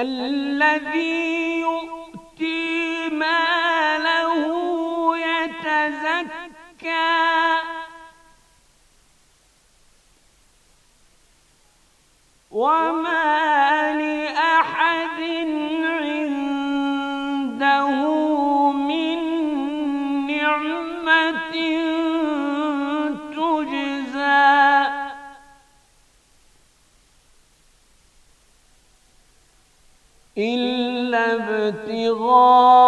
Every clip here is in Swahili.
الذي ابتغاء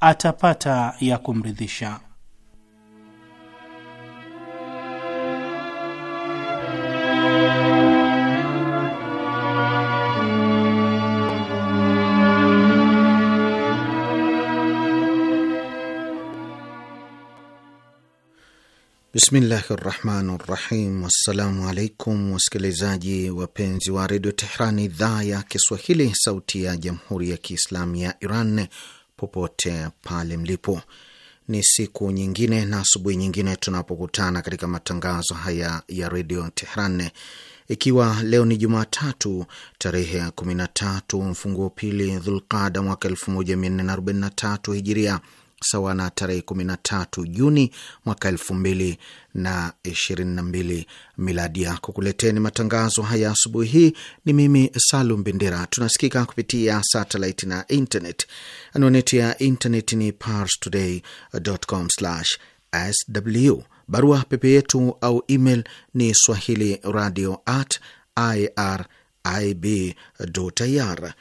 atapata ya kumridhisha. Bismillahi rahmani rahim. Wassalamu alaikum wasikilizaji wapenzi wa redio Tehrani, idhaa ya Kiswahili, sauti ya jamhuri ya kiislamu ya Iran popote pale mlipo. Ni siku nyingine na asubuhi nyingine tunapokutana katika matangazo haya ya redio Tehran, ikiwa leo ni Jumatatu tarehe ya kumi na tatu mfunguo pili Dhulqada mwaka elfu na hijiria sawa na tarehe 13 Juni mwaka 2022 miladi yako. Kuleteni matangazo haya asubuhi hii ni mimi Salum Bendera. Tunasikika kupitia satelit na internet. Anwani ya internet ni parstoday.com/sw. Barua pepe yetu au email ni swahili radio at irib.ir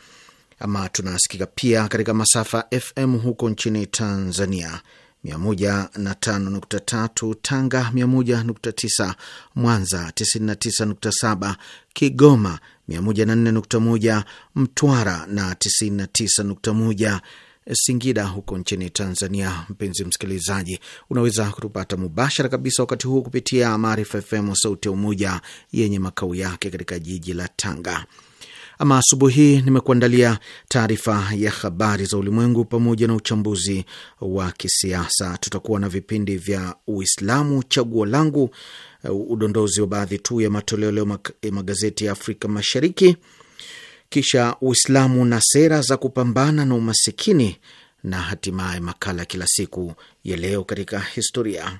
ama tunasikika pia katika masafa FM huko nchini Tanzania, 105.3 Tanga, 101.9 Mwanza, 99.7 Kigoma, 104.1 Mtwara na 99.1 Singida huko nchini Tanzania. Mpenzi msikilizaji, unaweza kutupata mubashara kabisa wakati huu kupitia Maarifa FM, sauti ya Umoja, yenye makao yake katika jiji la Tanga. Ama asubuhi hii nimekuandalia taarifa ya habari za ulimwengu pamoja na uchambuzi wa kisiasa. Tutakuwa na vipindi vya Uislamu, chaguo langu, udondozi wa baadhi tu ya matoleo leo magazeti ya Afrika Mashariki, kisha Uislamu na sera za kupambana na umasikini, na hatimaye makala kila siku ya leo katika historia.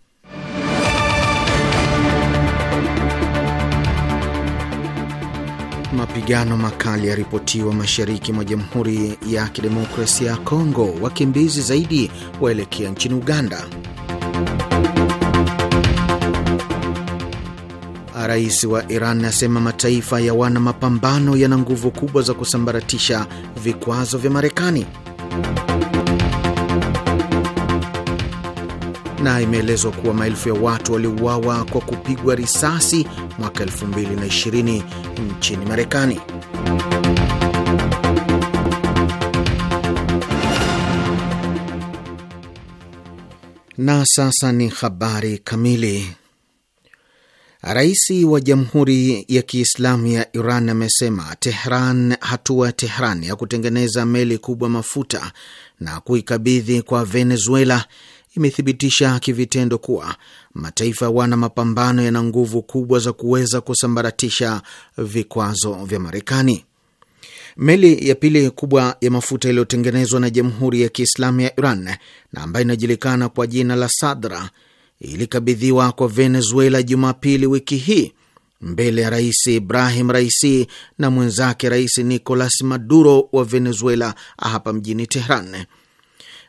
Mapigano makali yaripotiwa mashariki mwa Jamhuri ya Kidemokrasia ya Kongo. Wakimbizi zaidi waelekea nchini Uganda. Rais wa Iran asema mataifa ya wana mapambano yana nguvu kubwa za kusambaratisha vikwazo vya Marekani. na imeelezwa kuwa maelfu ya watu waliuawa kwa kupigwa risasi mwaka 2020 nchini Marekani. Na sasa ni habari kamili. Rais wa Jamhuri ya Kiislamu ya Iran amesema Tehran, hatua ya Tehran ya kutengeneza meli kubwa mafuta na kuikabidhi kwa Venezuela imethibitisha kivitendo kuwa mataifa wana mapambano yana nguvu kubwa za kuweza kusambaratisha vikwazo vya Marekani. Meli ya pili kubwa ya mafuta iliyotengenezwa na Jamhuri ya Kiislamu ya Iran na ambayo inajulikana kwa jina la Sadra ilikabidhiwa kwa Venezuela Jumapili wiki hii mbele ya Rais Ibrahim Raisi na mwenzake Rais Nicolas Maduro wa Venezuela hapa mjini Tehran.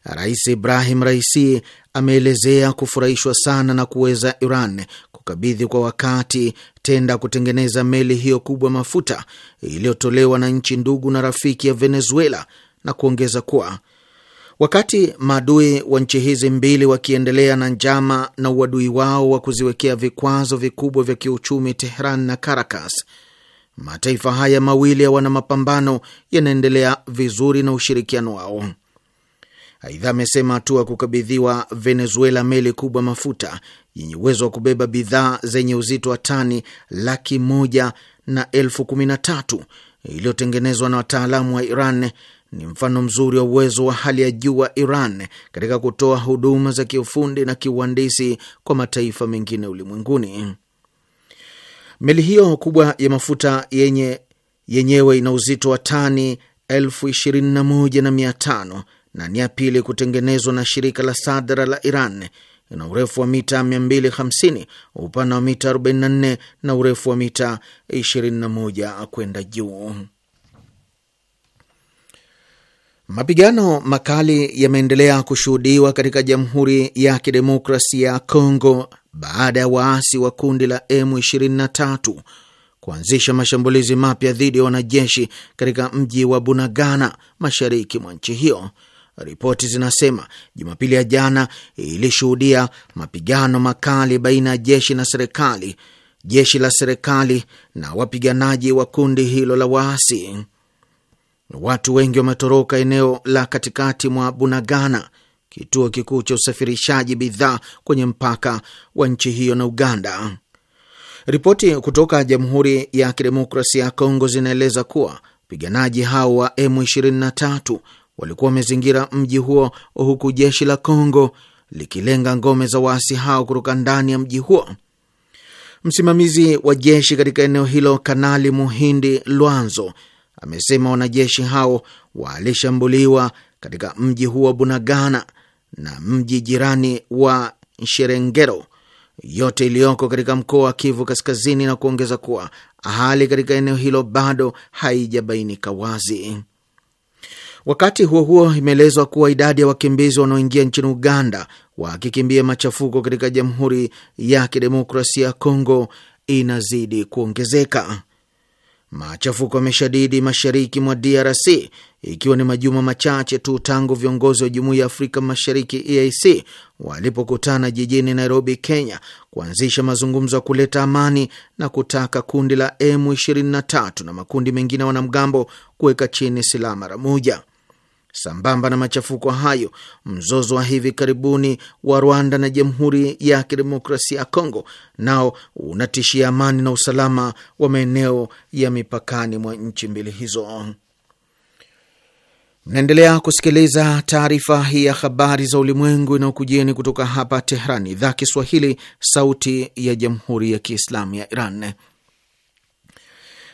Rais Ibrahim Raisi ameelezea kufurahishwa sana na kuweza Iran kukabidhi kwa wakati tenda kutengeneza meli hiyo kubwa mafuta iliyotolewa na nchi ndugu na rafiki ya Venezuela na kuongeza kuwa wakati maadui wa nchi hizi mbili wakiendelea na njama na uadui wao wa kuziwekea vikwazo vikubwa vya kiuchumi Tehran na Caracas, mataifa haya mawili ya wana mapambano yanaendelea vizuri na ushirikiano wao. Aidha, amesema hatua kukabidhiwa Venezuela meli kubwa mafuta yenye uwezo wa kubeba bidhaa zenye uzito wa tani laki moja na elfu kumi na tatu iliyotengenezwa na wataalamu wa Iran ni mfano mzuri wa uwezo wa hali ya juu wa Iran katika kutoa huduma za kiufundi na kiuhandisi kwa mataifa mengine ulimwenguni. Meli hiyo kubwa ya mafuta yenye yenyewe ina uzito wa tani elfu ishirini na moja na mia tano na ni ya pili kutengenezwa na shirika la Sadra la Iran. Ina urefu wa mita 250, upana wa mita 44 na urefu wa mita 21 kwenda juu. Mapigano makali yameendelea kushuhudiwa katika Jamhuri ya Kidemokrasia ya Kongo baada ya waasi wa kundi la M23 kuanzisha mashambulizi mapya dhidi ya wanajeshi katika mji wa Bunagana, mashariki mwa nchi hiyo. Ripoti zinasema Jumapili ya jana ilishuhudia mapigano makali baina ya jeshi na serikali, jeshi la serikali na wapiganaji wa kundi hilo la waasi. Watu wengi wametoroka eneo la katikati mwa Bunagana, kituo kikuu cha usafirishaji bidhaa kwenye mpaka wa nchi hiyo na Uganda. Ripoti kutoka Jamhuri ya Kidemokrasia ya Kongo zinaeleza kuwa wapiganaji hao wa M23 walikuwa wamezingira mji huo, huku jeshi la Kongo likilenga ngome za waasi hao kutoka ndani ya mji huo. Msimamizi wa jeshi katika eneo hilo, Kanali Muhindi Lwanzo, amesema wanajeshi hao walishambuliwa katika mji huo wa Bunagana na mji jirani wa Sherengero, yote iliyoko katika mkoa wa Kivu Kaskazini, na kuongeza kuwa hali katika eneo hilo bado haijabainika wazi. Wakati huo huo, imeelezwa kuwa idadi ya wakimbizi wanaoingia nchini Uganda wakikimbia machafuko katika Jamhuri ya Kidemokrasia ya Kongo inazidi kuongezeka. Machafuko yameshadidi mashariki mwa DRC ikiwa ni majuma machache tu tangu viongozi wa Jumuiya ya Afrika Mashariki EAC walipokutana jijini Nairobi, Kenya, kuanzisha mazungumzo ya kuleta amani na kutaka kundi la M23 na makundi mengine ya wanamgambo kuweka chini silaha mara moja. Sambamba na machafuko hayo, mzozo wa hivi karibuni wa Rwanda na Jamhuri ya Kidemokrasia ya Kongo nao unatishia amani na usalama wa maeneo ya mipakani mwa nchi mbili hizo. Mnaendelea kusikiliza taarifa hii ya habari za ulimwengu inayokujieni kutoka hapa Tehrani, idhaa Kiswahili, sauti ya Jamhuri ya Kiislamu ya Iran.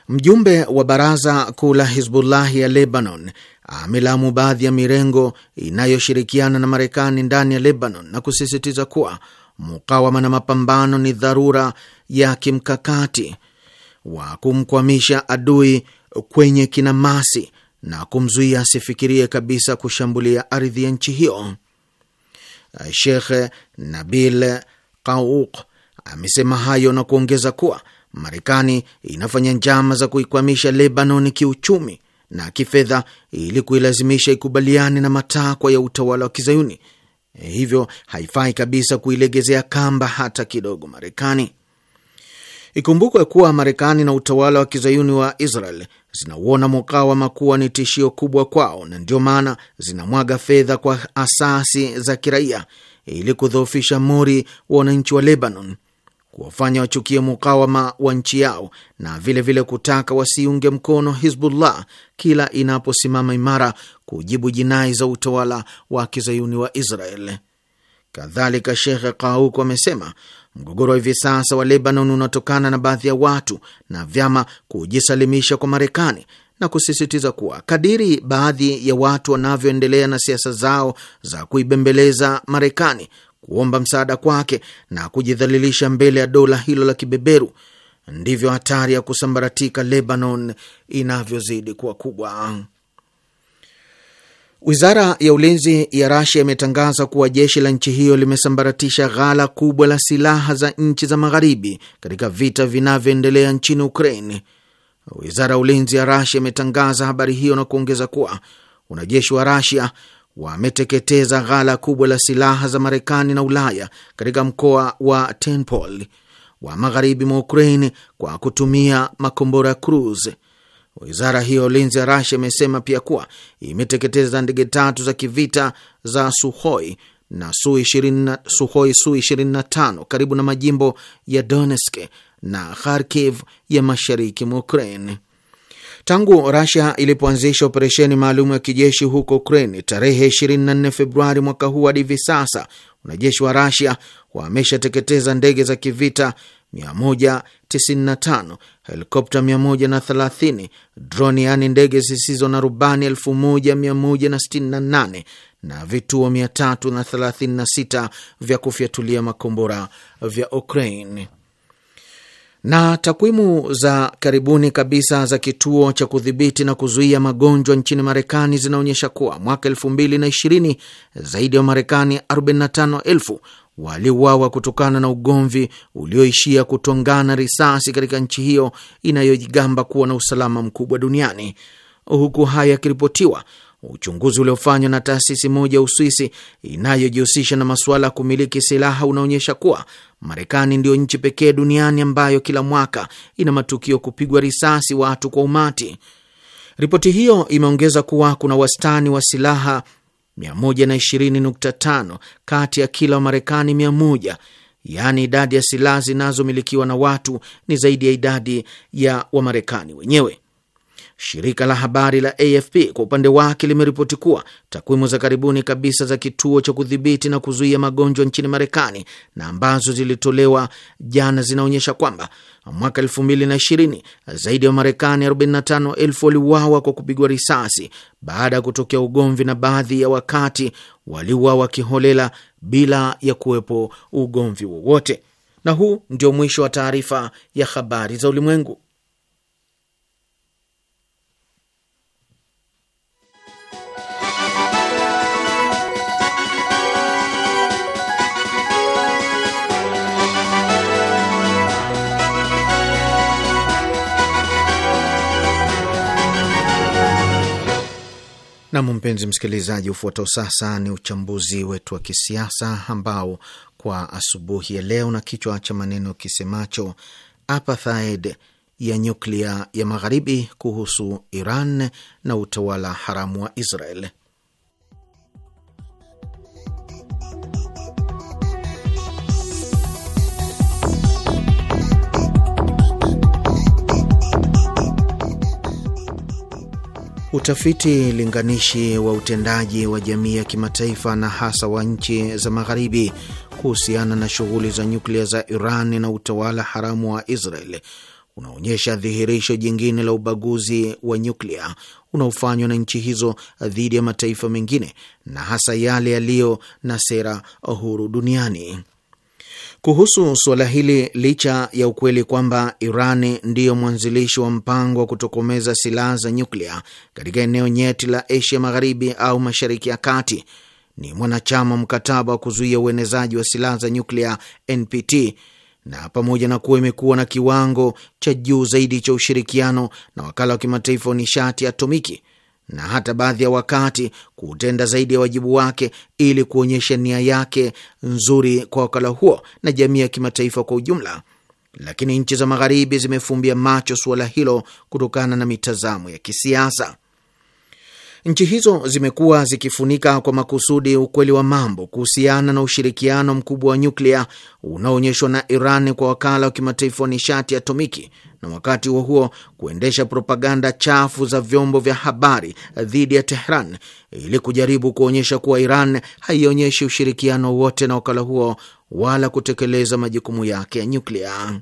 Mjumbe wa baraza kuu la Hizbullahi ya Lebanon amelamu baadhi ya mirengo inayoshirikiana na Marekani ndani ya Lebanon na kusisitiza kuwa mukawama na mapambano ni dharura ya kimkakati wa kumkwamisha adui kwenye kinamasi na kumzuia asifikirie kabisa kushambulia ardhi ya nchi hiyo. Sheikh Nabil Qauq amesema hayo na kuongeza kuwa Marekani inafanya njama za kuikwamisha Lebanon kiuchumi na kifedha ili kuilazimisha ikubaliane na matakwa ya utawala wa Kizayuni. E, hivyo haifai kabisa kuilegezea kamba hata kidogo Marekani. Ikumbukwe kuwa Marekani na utawala wa Kizayuni wa Israel zinauona mukawama kuwa ni tishio kubwa kwao, na ndio maana zinamwaga fedha kwa asasi za kiraia ili kudhoofisha mori wa wananchi wa Lebanon kuwafanya wachukie mukawama wa nchi yao na vilevile vile kutaka wasiunge mkono Hizbullah kila inaposimama imara kujibu jinai za utawala wa kizayuni wa Israel. Kadhalika, Shekhe Kauk amesema mgogoro wa hivi sasa wa Lebanon unatokana na baadhi ya watu na vyama kujisalimisha kwa Marekani na kusisitiza kuwa kadiri baadhi ya watu wanavyoendelea na siasa zao za kuibembeleza Marekani kuomba msaada kwake na kujidhalilisha mbele ya dola hilo la kibeberu, ndivyo hatari ya kusambaratika Lebanon inavyozidi kuwa kubwa. Wizara ya ulinzi ya Rasia imetangaza kuwa jeshi la nchi hiyo limesambaratisha ghala kubwa la silaha za nchi za magharibi katika vita vinavyoendelea nchini Ukraine. Wizara ya ulinzi ya Rasia imetangaza habari hiyo na kuongeza kuwa wanajeshi wa Rasia wameteketeza ghala kubwa la silaha za Marekani na Ulaya katika mkoa wa Tenpol wa magharibi mwa Ukraine kwa kutumia makombora Cruise. Wizara hiyo ulinzi ya Rasia imesema pia kuwa imeteketeza ndege tatu za kivita za Suhoi na su 20, Suhoi su 25 karibu na majimbo ya Donetsk na Kharkiv ya mashariki mwa Ukraine. Tangu Rasia ilipoanzisha operesheni maalum ya kijeshi huko Ukraine tarehe 24 Februari mwaka huu hadi hivi sasa wanajeshi wa Rasia wameshateketeza ndege za kivita 195, helikopta 130, droni yaani ndege zisizo na rubani 1168 na vituo 336 vya kufyatulia makombora vya Ukraine. Na takwimu za karibuni kabisa za kituo cha kudhibiti na kuzuia magonjwa nchini Marekani zinaonyesha kuwa mwaka 2020 zaidi ya Wamarekani 45,000 waliuawa kutokana na ugomvi ulioishia kutongana risasi katika nchi hiyo inayojigamba kuwa na usalama mkubwa duniani, huku haya yakiripotiwa Uchunguzi uliofanywa na taasisi moja ya Uswisi inayojihusisha na masuala ya kumiliki silaha unaonyesha kuwa Marekani ndiyo nchi pekee duniani ambayo kila mwaka ina matukio kupigwa risasi watu kwa umati. Ripoti hiyo imeongeza kuwa kuna wastani wa silaha 120.5 kati ya kila Wamarekani 100 yaani idadi ya silaha zinazomilikiwa na watu ni zaidi ya idadi ya Wamarekani wenyewe. Shirika la habari la AFP kwa upande wake limeripoti kuwa takwimu za karibuni kabisa za kituo cha kudhibiti na kuzuia magonjwa nchini Marekani na ambazo zilitolewa jana zinaonyesha kwamba mwaka 2020 zaidi ya Wamarekani 45,000 waliuawa kwa kupigwa risasi baada ya kutokea ugomvi, na baadhi ya wakati waliuawa kiholela bila ya kuwepo ugomvi wowote. Na huu ndio mwisho wa taarifa ya habari za ulimwengu. Nam, mpenzi msikilizaji, ufuatao sasa ni uchambuzi wetu wa kisiasa ambao kwa asubuhi ya leo na kichwa cha maneno kisemacho apartheid ya nyuklia ya magharibi kuhusu Iran na utawala haramu wa Israel. Utafiti linganishi wa utendaji wa jamii ya kimataifa na hasa wa nchi za magharibi kuhusiana na shughuli za nyuklia za Iran na utawala haramu wa Israel unaonyesha dhihirisho jingine la ubaguzi wa nyuklia unaofanywa na nchi hizo dhidi ya mataifa mengine na hasa yale yaliyo na sera huru duniani. Kuhusu suala hili, licha ya ukweli kwamba Iran ndiyo mwanzilishi wa mpango wa kutokomeza silaha za nyuklia katika eneo nyeti la Asia Magharibi au Mashariki ya Kati, ni mwanachama mkataba wa kuzuia uenezaji wa silaha za nyuklia NPT, na pamoja na kuwa imekuwa na kiwango cha juu zaidi cha ushirikiano na wakala wa kimataifa wa nishati atomiki na hata baadhi ya wakati kutenda zaidi ya wajibu wake ili kuonyesha nia yake nzuri kwa wakala huo na jamii ya kimataifa kwa ujumla. Lakini nchi za Magharibi zimefumbia macho suala hilo kutokana na mitazamo ya kisiasa. Nchi hizo zimekuwa zikifunika kwa makusudi ukweli wa mambo kuhusiana na ushirikiano mkubwa wa nyuklia unaoonyeshwa na Iran kwa wakala wa kimataifa wa nishati atomiki na wakati huo huo kuendesha propaganda chafu za vyombo vya habari dhidi ya Tehran ili kujaribu kuonyesha kuwa Iran haionyeshi ushirikiano wote na wakala huo wala kutekeleza majukumu yake ya nyuklia.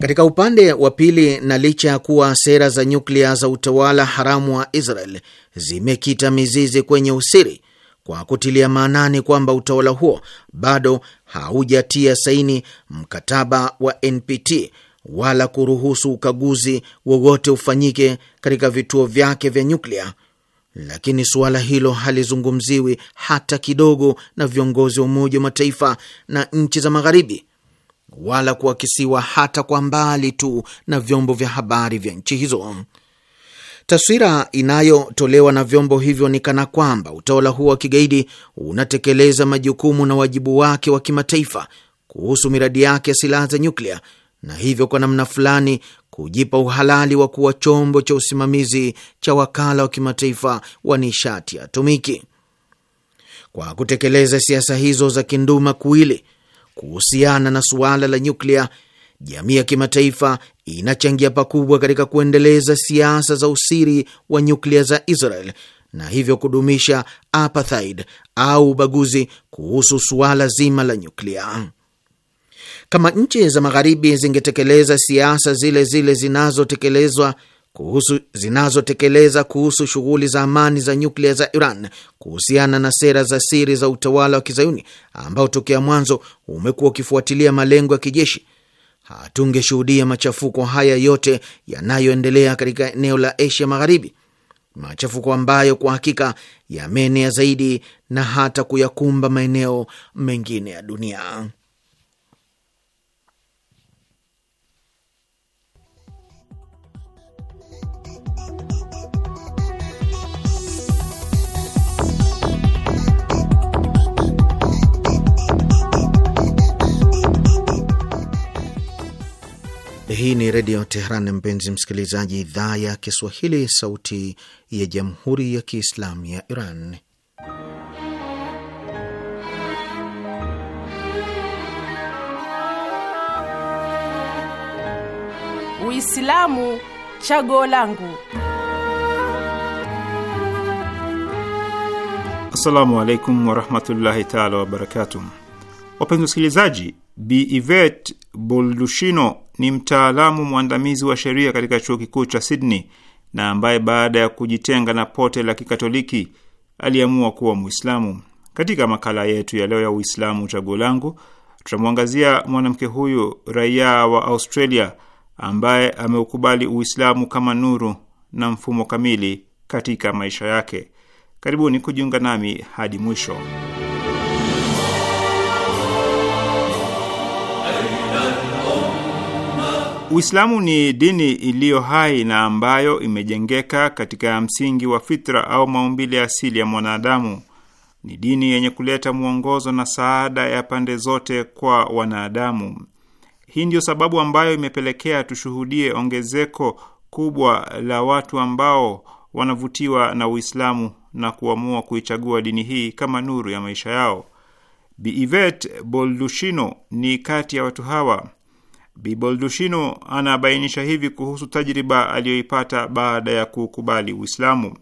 Katika upande wa pili, na licha ya kuwa sera za nyuklia za utawala haramu wa Israel zimekita mizizi kwenye usiri kwa kutilia maanani kwamba utawala huo bado haujatia saini mkataba wa NPT wala kuruhusu ukaguzi wowote ufanyike katika vituo vyake vya nyuklia. Lakini suala hilo halizungumziwi hata kidogo na viongozi wa Umoja wa Mataifa na nchi za Magharibi, wala kuakisiwa hata kwa mbali tu na vyombo vya habari vya nchi hizo. Taswira inayotolewa na vyombo hivyo ni kana kwamba utawala huo wa kigaidi unatekeleza majukumu na wajibu wake wa kimataifa kuhusu miradi yake ya silaha za nyuklia na hivyo kwa namna fulani kujipa uhalali wa kuwa chombo cha usimamizi cha wakala wa kimataifa wa nishati ya atomiki. Kwa kutekeleza siasa hizo za kinduma kuili kuhusiana na suala la nyuklia, jamii ya kimataifa inachangia pakubwa katika kuendeleza siasa za usiri wa nyuklia za Israel na hivyo kudumisha apartheid au ubaguzi kuhusu suala zima la nyuklia. Kama nchi za Magharibi zingetekeleza siasa zile zile zinazotekelezwa kuhusu zinazotekeleza kuhusu shughuli za amani za nyuklia za Iran kuhusiana na sera za siri za utawala wa kizayuni ambao tokea mwanzo umekuwa ukifuatilia malengo ya kijeshi hatungeshuhudia machafuko haya yote yanayoendelea katika eneo la Asia Magharibi, machafuko ambayo kwa hakika yameenea zaidi na hata kuyakumba maeneo mengine ya dunia. Hii ni Redio Teheran, mpenzi msikilizaji, idhaa ya Kiswahili, sauti ya jamhuri ya Kiislamu ya Iran. Uislamu chaguo langu. Assalamu alaikum warahmatullahi taala wabarakatuh. Wapenzi wasikilizaji, Bi Yvette Boldushino ni mtaalamu mwandamizi wa sheria katika chuo kikuu cha Sydney na ambaye baada ya kujitenga na pote la Kikatoliki aliamua kuwa Mwislamu. Katika makala yetu ya leo ya Uislamu Chaguo Langu, tutamwangazia mwanamke huyu raia wa Australia ambaye ameukubali Uislamu kama nuru na mfumo kamili katika maisha yake. Karibuni kujiunga nami hadi mwisho. Uislamu ni dini iliyo hai na ambayo imejengeka katika msingi wa fitra au maumbile asili ya mwanadamu. Ni dini yenye kuleta mwongozo na saada ya pande zote kwa wanadamu. Hii ndiyo sababu ambayo imepelekea tushuhudie ongezeko kubwa la watu ambao wanavutiwa na Uislamu na kuamua kuichagua dini hii kama nuru ya maisha yao. Bi Ivet Boldushino ni kati ya watu hawa. Biboldushino anabainisha hivi kuhusu tajriba aliyoipata baada ya kukubali Uislamu.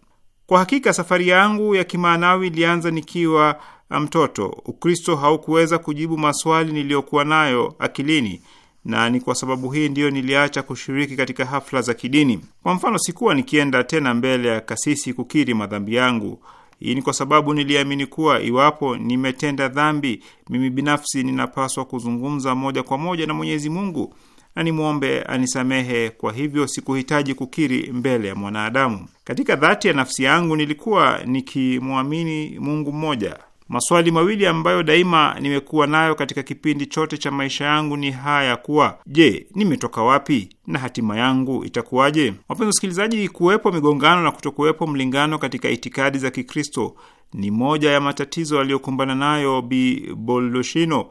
Kwa hakika safari yangu ya kimaanawi ilianza nikiwa mtoto. Ukristo haukuweza kujibu maswali niliyokuwa nayo akilini, na ni kwa sababu hii ndiyo niliacha kushiriki katika hafla za kidini. Kwa mfano, sikuwa nikienda tena mbele ya kasisi kukiri madhambi yangu. Hii ni kwa sababu niliamini kuwa iwapo nimetenda dhambi, mimi binafsi ninapaswa kuzungumza moja kwa moja na Mwenyezi Mungu na nimwombe anisamehe. Kwa hivyo sikuhitaji kukiri mbele ya mwanadamu. Katika dhati ya nafsi yangu nilikuwa nikimwamini Mungu mmoja Maswali mawili ambayo daima nimekuwa nayo katika kipindi chote cha maisha yangu ni haya ya kuwa, je, nimetoka wapi na hatima yangu itakuwaje? Wapenzi wasikilizaji, kuwepo migongano na kutokuwepo mlingano katika itikadi za Kikristo ni moja ya matatizo aliyokumbana nayo Bi uh,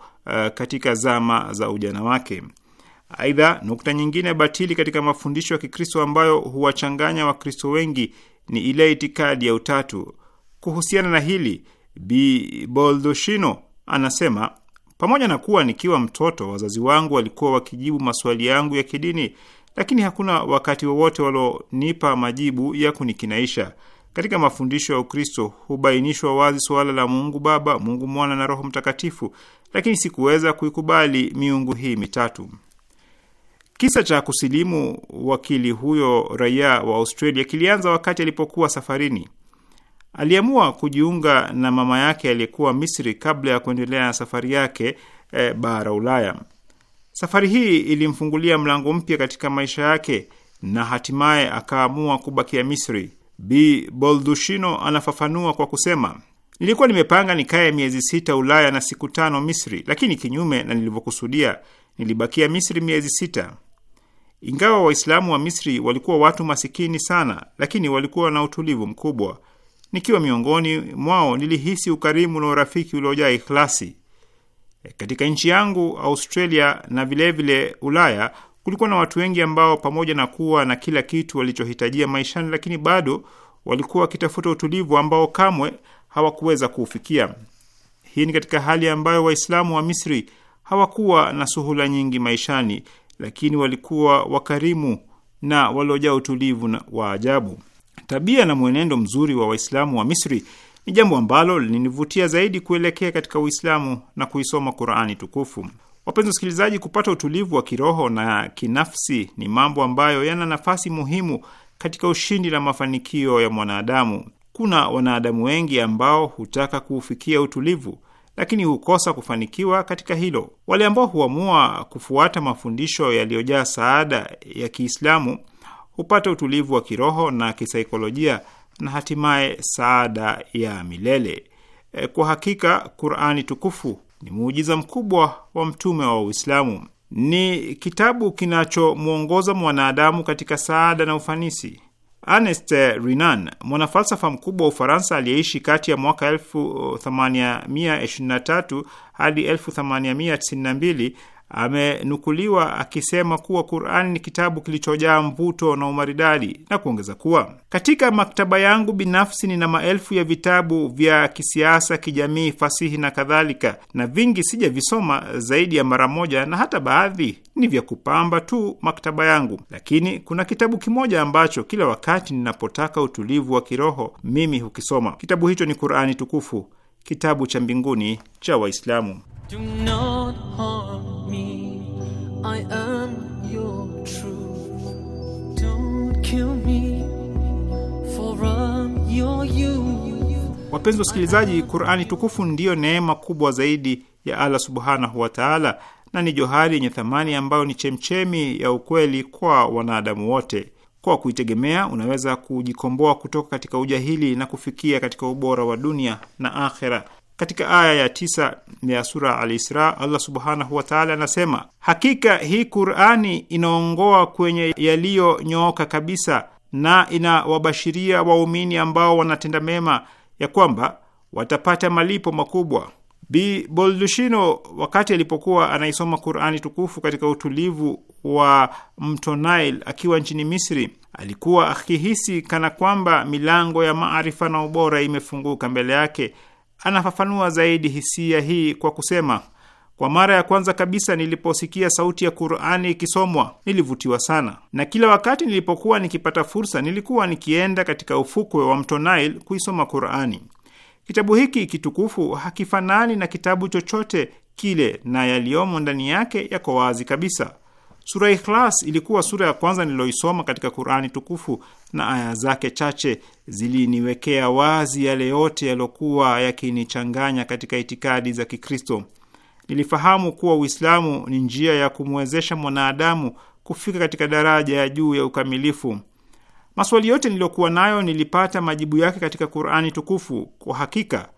katika zama za ujana wake. Aidha, nukta nyingine batili katika mafundisho ya Kikristo ambayo huwachanganya Wakristo wengi ni ile itikadi ya utatu. Kuhusiana na hili Bi Boldoshino anasema pamoja na kuwa nikiwa mtoto wazazi wangu walikuwa wakijibu maswali yangu ya kidini, lakini hakuna wakati wowote walionipa majibu ya kunikinaisha. Katika mafundisho ya Ukristo hubainishwa wazi suala la Mungu Baba, Mungu Mwana na Roho Mtakatifu, lakini sikuweza kuikubali miungu hii mitatu. Kisa cha kusilimu wakili huyo raia wa Australia kilianza wakati alipokuwa safarini aliamua kujiunga na mama yake aliyekuwa Misri kabla ya kuendelea na safari yake e, bara Ulaya. Safari hii ilimfungulia mlango mpya katika maisha yake na hatimaye akaamua kubakia Misri. B Boldushino anafafanua kwa kusema, nilikuwa nimepanga nikae miezi sita Ulaya na siku tano Misri, lakini kinyume na nilivyokusudia, nilibakia Misri miezi sita. Ingawa Waislamu wa Misri walikuwa watu masikini sana, lakini walikuwa na utulivu mkubwa. Nikiwa miongoni mwao nilihisi ukarimu na urafiki uliojaa ikhlasi. Katika nchi yangu Australia na vilevile vile Ulaya kulikuwa na watu wengi ambao pamoja na kuwa na kila kitu walichohitajia maishani, lakini bado walikuwa wakitafuta utulivu ambao kamwe hawakuweza kuufikia. Hii ni katika hali ambayo Waislamu wa Misri hawakuwa na suhula nyingi maishani, lakini walikuwa wakarimu na waliojaa utulivu wa ajabu. Tabia na mwenendo mzuri wa Waislamu wa Misri ni jambo ambalo linivutia zaidi kuelekea katika Uislamu na kuisoma Qurani tukufu. Wapenzi wasikilizaji, kupata utulivu wa kiroho na kinafsi ni mambo ambayo yana nafasi muhimu katika ushindi na mafanikio ya mwanadamu. Kuna wanadamu wengi ambao hutaka kuufikia utulivu lakini hukosa kufanikiwa katika hilo. Wale ambao huamua kufuata mafundisho yaliyojaa saada ya Kiislamu hupata utulivu wa kiroho na kisaikolojia na hatimaye saada ya milele. E, kwa hakika Qur'ani tukufu ni muujiza mkubwa wa mtume wa Uislamu. Ni kitabu kinachomwongoza mwanadamu katika saada na ufanisi. Ernest Renan, mwanafalsafa mkubwa wa Ufaransa aliyeishi kati ya mwaka 1823 eh, hadi 1892, amenukuliwa akisema kuwa Qurani ni kitabu kilichojaa mvuto na umaridadi na kuongeza kuwa katika maktaba yangu binafsi nina maelfu ya vitabu vya kisiasa, kijamii, fasihi na kadhalika, na vingi sijavisoma zaidi ya mara moja, na hata baadhi ni vya kupamba tu maktaba yangu. Lakini kuna kitabu kimoja ambacho kila wakati ninapotaka utulivu wa kiroho mimi hukisoma. Kitabu hicho ni Qurani tukufu kitabu cha mbinguni cha Waislamu. Wapenzi wasikilizaji, Qurani tukufu ndiyo neema kubwa zaidi ya Allah subhanahu wa taala, na ni johari yenye thamani ambayo ni chemchemi ya ukweli kwa wanadamu wote. Kwa kuitegemea unaweza kujikomboa kutoka katika ujahili na kufikia katika ubora wa dunia na akhera. Katika aya ya tisa ya sura Al-Isra, Allah subhanahu wataala anasema, hakika hii Qurani inaongoa kwenye yaliyonyooka kabisa na inawabashiria waumini ambao wanatenda mema ya kwamba watapata malipo makubwa. Bi Boldushino wakati alipokuwa anaisoma Qurani tukufu katika utulivu wa mto Nile akiwa nchini Misri, alikuwa akihisi kana kwamba milango ya maarifa na ubora imefunguka mbele yake. Anafafanua zaidi hisia hii kwa kusema, kwa mara ya kwanza kabisa niliposikia sauti ya Qurani ikisomwa nilivutiwa sana, na kila wakati nilipokuwa nikipata fursa nilikuwa nikienda katika ufukwe wa mto Nile kuisoma Qurani. Kitabu hiki kitukufu hakifanani na kitabu chochote kile na yaliyomo ndani yake yako wazi kabisa. Sura Ikhlas ilikuwa sura ya kwanza nililoisoma katika Qurani tukufu na aya zake chache ziliniwekea wazi yale yote yaliyokuwa yakinichanganya katika itikadi za Kikristo. Nilifahamu kuwa Uislamu ni njia ya kumwezesha mwanadamu kufika katika daraja ya juu ya ukamilifu. Maswali yote niliyokuwa nayo nilipata majibu yake katika Qur'ani tukufu. Kwa hakika,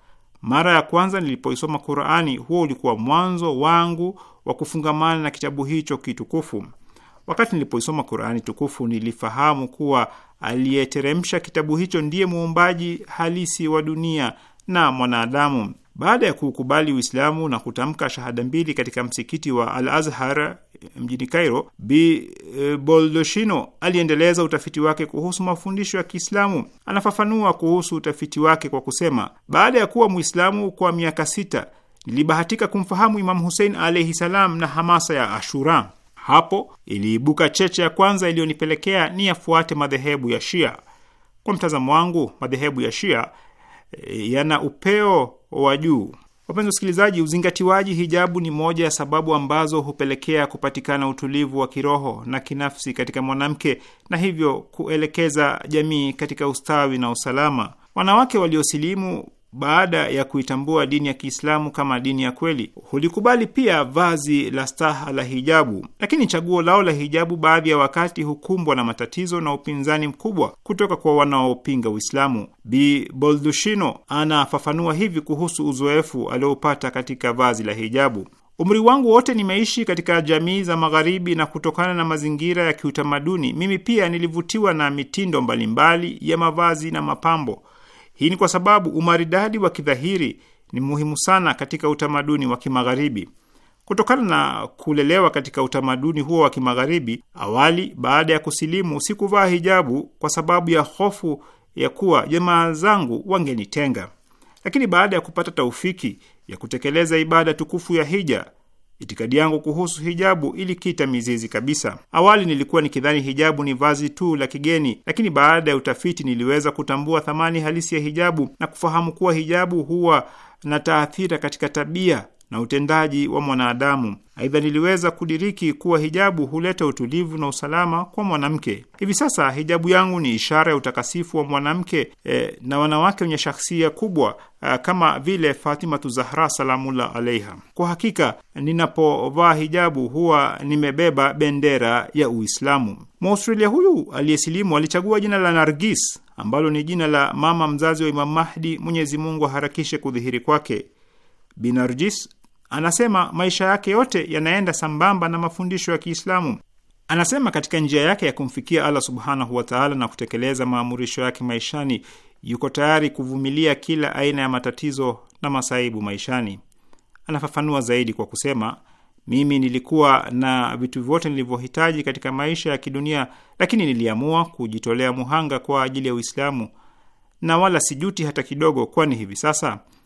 mara ya kwanza nilipoisoma Qur'ani, huo ulikuwa mwanzo wangu wa kufungamana na kitabu hicho kitukufu. Wakati nilipoisoma Qur'ani tukufu, nilifahamu kuwa aliyeteremsha kitabu hicho ndiye muumbaji halisi wa dunia na mwanadamu. Baada ya kukubali Uislamu na kutamka shahada mbili katika msikiti wa Al Azhar eh, mjini Cairo, Bi eh, Boldoshino aliendeleza utafiti wake kuhusu mafundisho ya Kiislamu. Anafafanua kuhusu utafiti wake kwa kusema, baada ya kuwa Mwislamu kwa miaka sita nilibahatika kumfahamu Imamu Husein alaihi salam na hamasa ya Ashura. Hapo iliibuka cheche ya kwanza iliyonipelekea ni yafuate madhehebu ya Shia. Kwa mtazamo wangu, madhehebu ya Shia yana upeo wa juu. Wapenzi wasikilizaji, uzingatiwaji hijabu ni moja ya sababu ambazo hupelekea kupatikana utulivu wa kiroho na kinafsi katika mwanamke na hivyo kuelekeza jamii katika ustawi na usalama. Wanawake waliosilimu baada ya kuitambua dini ya Kiislamu kama dini ya kweli, hulikubali pia vazi la staha la hijabu. Lakini chaguo lao la hijabu baadhi ya wakati hukumbwa na matatizo na upinzani mkubwa kutoka kwa wanaopinga Uislamu. Bi Boldushino anafafanua hivi kuhusu uzoefu aliopata katika vazi la hijabu. Umri wangu wote nimeishi katika jamii za Magharibi, na kutokana na mazingira ya kiutamaduni, mimi pia nilivutiwa na mitindo mbalimbali ya mavazi na mapambo. Hii ni kwa sababu umaridadi wa kidhahiri ni muhimu sana katika utamaduni wa Kimagharibi. Kutokana na kulelewa katika utamaduni huo wa Kimagharibi, awali baada ya kusilimu sikuvaa hijabu kwa sababu ya hofu ya kuwa jamaa zangu wangenitenga, lakini baada ya kupata taufiki ya kutekeleza ibada tukufu ya hija Itikadi yangu kuhusu hijabu ilikita mizizi kabisa. Awali nilikuwa nikidhani hijabu ni vazi tu la kigeni, lakini baada ya utafiti niliweza kutambua thamani halisi ya hijabu na kufahamu kuwa hijabu huwa na taathira katika tabia na utendaji wa mwanadamu. Aidha, niliweza kudiriki kuwa hijabu huleta utulivu na usalama kwa mwanamke. Hivi sasa hijabu yangu ni ishara ya utakasifu wa mwanamke e, na wanawake wenye shakhsia kubwa a, e, kama vile Fatimatu Zahra salamullah alaiha. Kwa hakika ninapovaa hijabu huwa nimebeba bendera ya Uislamu. Mwaustralia huyu aliyesilimu alichagua jina la Nargis ambalo ni jina la mama mzazi wa Imam Mahdi, Mwenyezi Mungu aharakishe kudhihiri kwake. Binarjis Anasema maisha yake yote yanaenda sambamba na mafundisho ya Kiislamu. Anasema katika njia yake ya kumfikia Allah subhanahu wataala na kutekeleza maamurisho yake maishani, yuko tayari kuvumilia kila aina ya matatizo na masaibu maishani. Anafafanua zaidi kwa kusema, mimi nilikuwa na vitu vyote nilivyohitaji katika maisha ya kidunia, lakini niliamua kujitolea muhanga kwa ajili ya Uislamu na wala sijuti hata kidogo, kwani hivi sasa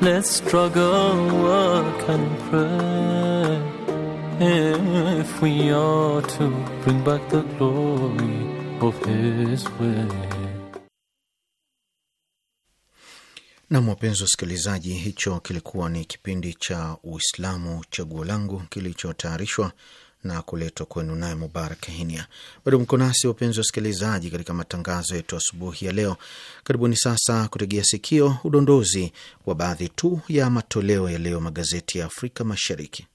Let's struggle, work, and pray. If we are to bring back the glory of His way. Na wapenzi wasikilizaji, hicho kilikuwa ni kipindi cha Uislamu chaguo langu kilichotayarishwa na kuletwa kwenu naye Mubarak Hinia. Bado mko nasi wapenzi wasikilizaji, katika matangazo yetu asubuhi ya leo. Karibuni sasa kutegea sikio udondozi wa baadhi tu ya matoleo ya leo magazeti ya Afrika Mashariki.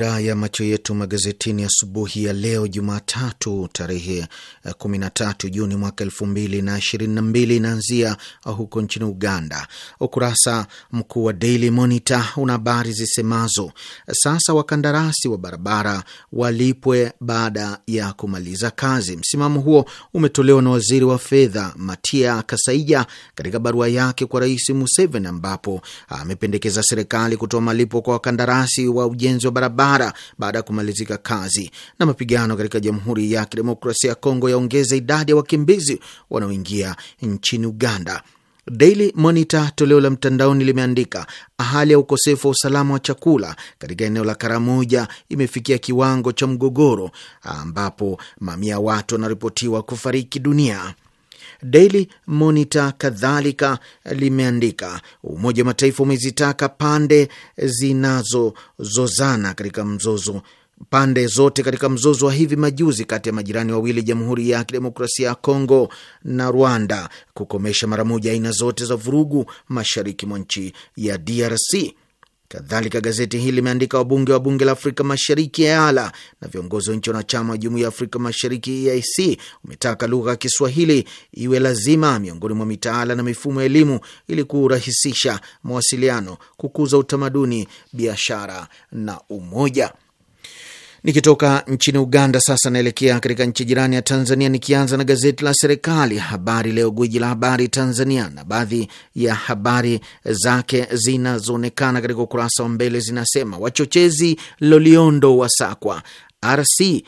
dira ya macho yetu magazetini asubuhi ya, ya leo Jumatatu tarehe 13 eh, Juni mwaka 2022 inaanzia huko nchini Uganda. Ukurasa mkuu wa Daily Monitor una habari zisemazo eh, sasa wakandarasi wa barabara walipwe baada ya kumaliza kazi. Msimamo huo umetolewa na waziri wa fedha Matia Kasaija katika barua yake kwa Rais Museveni ambapo amependekeza serikali kutoa malipo kwa wakandarasi wa ujenzi wa barabara mishahara baada ya kumalizika kazi, na mapigano katika Jamhuri ya Kidemokrasia ya Kongo yaongeza idadi ya wakimbizi wanaoingia nchini Uganda. Daily Monitor toleo la mtandaoni limeandika hali ya ukosefu wa usalama wa chakula katika eneo la Karamoja imefikia kiwango cha mgogoro ambapo mamia ya watu wanaripotiwa kufariki dunia. Daily Monitor kadhalika limeandika Umoja wa Mataifa umezitaka pande zinazozozana katika mzozo pande zote katika mzozo wa hivi majuzi kati ya majirani wawili, Jamhuri ya Kidemokrasia ya Kongo na Rwanda, kukomesha mara moja aina zote za vurugu mashariki mwa nchi ya DRC. Kadhalika, gazeti hili limeandika wabunge wa bunge la Afrika Mashariki EALA na viongozi wa nchi wanachama wa jumuiya ya Afrika Mashariki EAC umetaka lugha ya Kiswahili iwe lazima miongoni mwa mitaala na mifumo ya elimu ili kurahisisha mawasiliano, kukuza utamaduni, biashara na umoja. Nikitoka nchini Uganda sasa naelekea katika nchi jirani ya Tanzania, nikianza na gazeti la serikali Habari Leo, gwiji la habari Tanzania, na baadhi ya habari zake zinazoonekana katika ukurasa wa mbele zinasema: wachochezi Loliondo wasakwa, RC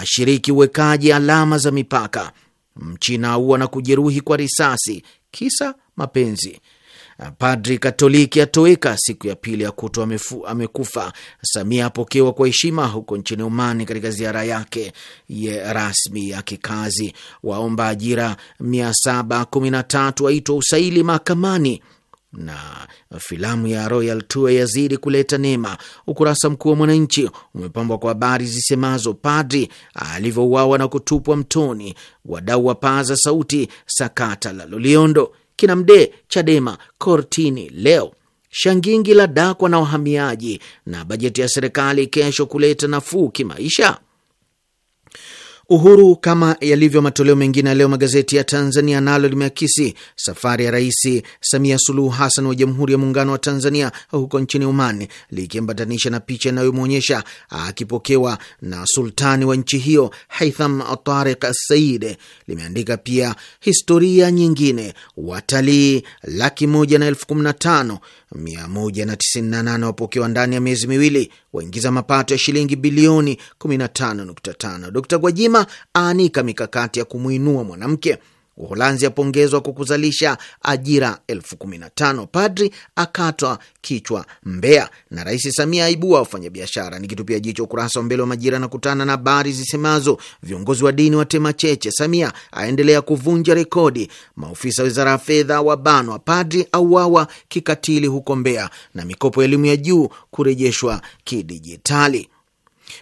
ashiriki uwekaji alama za mipaka, Mchina aua na kujeruhi kwa risasi, kisa mapenzi Padri Katoliki atoweka siku ya pili ya kuto amekufa. Samia apokewa kwa heshima huko nchini umani katika ziara yake ye rasmi ya kikazi. Waomba ajira tatu waitwa usaili mahakamani na filamu ya Royal Tour yazidi kuleta neema. Ukurasa mkuu wa Mwananchi umepambwa kwa habari zisemazo padri alivyouawa na kutupwa mtoni, wadau wapaza sauti sakata la Loliondo kina mdee Chadema kortini leo, shangingi la dakwa na wahamiaji, na bajeti ya serikali kesho kuleta nafuu kimaisha. Uhuru kama yalivyo matoleo mengine ya leo magazeti ya Tanzania nalo limeakisi safari ya Rais Samia Suluhu Hassan wa Jamhuri ya Muungano wa Tanzania huko nchini Oman, likiambatanisha na picha inayomwonyesha akipokewa na sultani wa nchi hiyo Haitham Tariq Said. Limeandika pia historia nyingine, watalii laki moja na elfu kumi na tano 198 wapokewa ndani ya miezi miwili, waingiza mapato ya shilingi bilioni 15.5. Dkt Gwajima aanika mikakati ya kumwinua mwanamke Uholanzi apongezwa kwa kuzalisha ajira elfu kumi na tano. Padri akatwa kichwa Mbeya. Na Rais Samia aibua wafanyabiashara. Ni kitupia jicho ukurasa wa mbele wa Majira na kutana na habari zisemazo viongozi wa dini watema cheche, Samia aendelea kuvunja rekodi, maofisa wizara ya fedha wabanwa, padri auawa kikatili huko Mbeya, na mikopo ya elimu ya juu kurejeshwa kidijitali.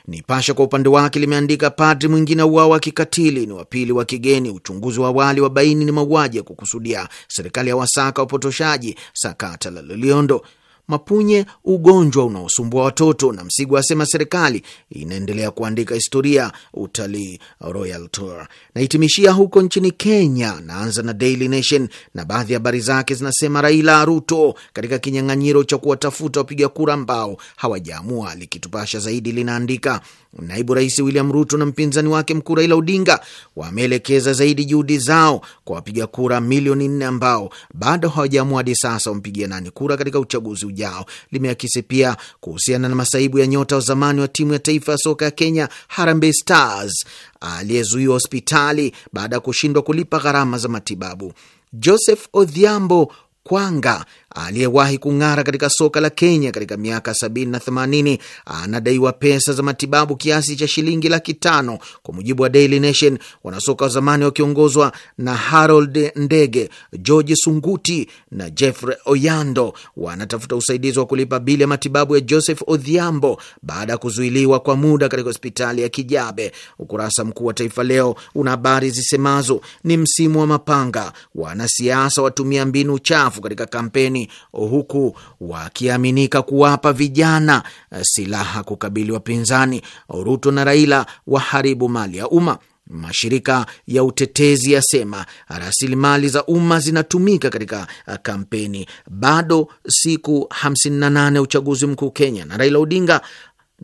Nipasha kwa upande wake limeandika padri mwingine wa kikatili, ni wapili wa kigeni, uchunguzi wa awali wa baini ni mauaji ya kukusudia, serikali ya wasaka wapotoshaji, sakata la Loliondo mapunye ugonjwa unaosumbua watoto, na Msigwa asema serikali inaendelea kuandika historia utalii Royal Tour. Nahitimishia huko nchini Kenya, naanza na Daily Nation na baadhi ya habari zake zinasema Raila Ruto katika kinyang'anyiro cha kuwatafuta wapiga kura ambao hawajaamua. Likitupasha zaidi linaandika Naibu Rais William Ruto na mpinzani wake mkuu Raila Odinga wameelekeza zaidi juhudi zao kwa wapiga kura milioni nne ambao bado hawajaamua hadi sasa wampigia nani kura katika uchaguzi ujao. Limeakisi pia kuhusiana na masaibu ya nyota wa zamani wa timu ya taifa ya soka ya Kenya Harambee Stars aliyezuiwa hospitali baada ya kushindwa kulipa gharama za matibabu. Joseph Odhiambo Kwanga aliyewahi kung'ara katika soka la Kenya katika miaka sabini na themanini anadaiwa pesa za matibabu kiasi cha shilingi laki tano kwa mujibu wa Daily Nation. Wanasoka wa zamani wakiongozwa na Harold Ndege, George Sunguti na Jeffrey Oyando wanatafuta usaidizi wa kulipa bili ya matibabu ya Joseph Odhiambo baada ya kuzuiliwa kwa muda katika hospitali ya Kijabe. Ukurasa mkuu wa Taifa Leo una habari zisemazo ni msimu wa mapanga, wanasiasa watumia mbinu chafu katika kampeni huku wakiaminika kuwapa vijana eh, silaha kukabili wapinzani. Ruto na Raila waharibu mali ya umma. Mashirika ya utetezi yasema rasilimali za umma zinatumika katika eh, kampeni. Bado siku 58 uchaguzi mkuu Kenya, na Raila Odinga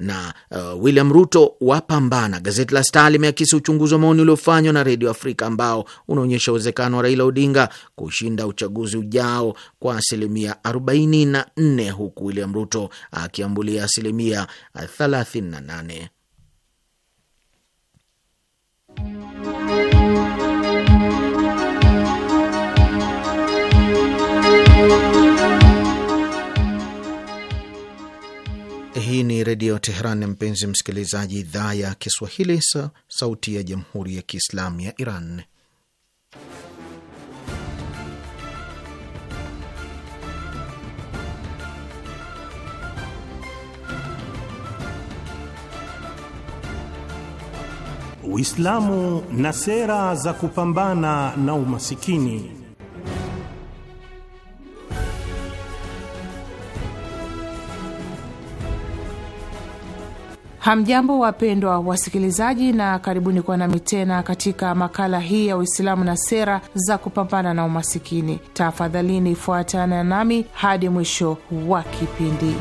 na uh, William Ruto wapambana. Gazeti la Star limeakisi uchunguzi wa maoni uliofanywa na Redio Afrika ambao unaonyesha uwezekano wa Raila Odinga kushinda uchaguzi ujao kwa asilimia 44 huku William Ruto akiambulia asilimia 38. Hii ni Redio Teheran, mpenzi msikilizaji, idhaa ya Kiswahili, sauti ya Jamhuri ya Kiislamu ya Iran. Uislamu na sera za kupambana na umasikini. Hamjambo, wapendwa wasikilizaji, na karibuni kuwa nami tena katika makala hii ya Uislamu na sera za kupambana na umasikini. Tafadhalini fuatana nami hadi mwisho wa kipindi.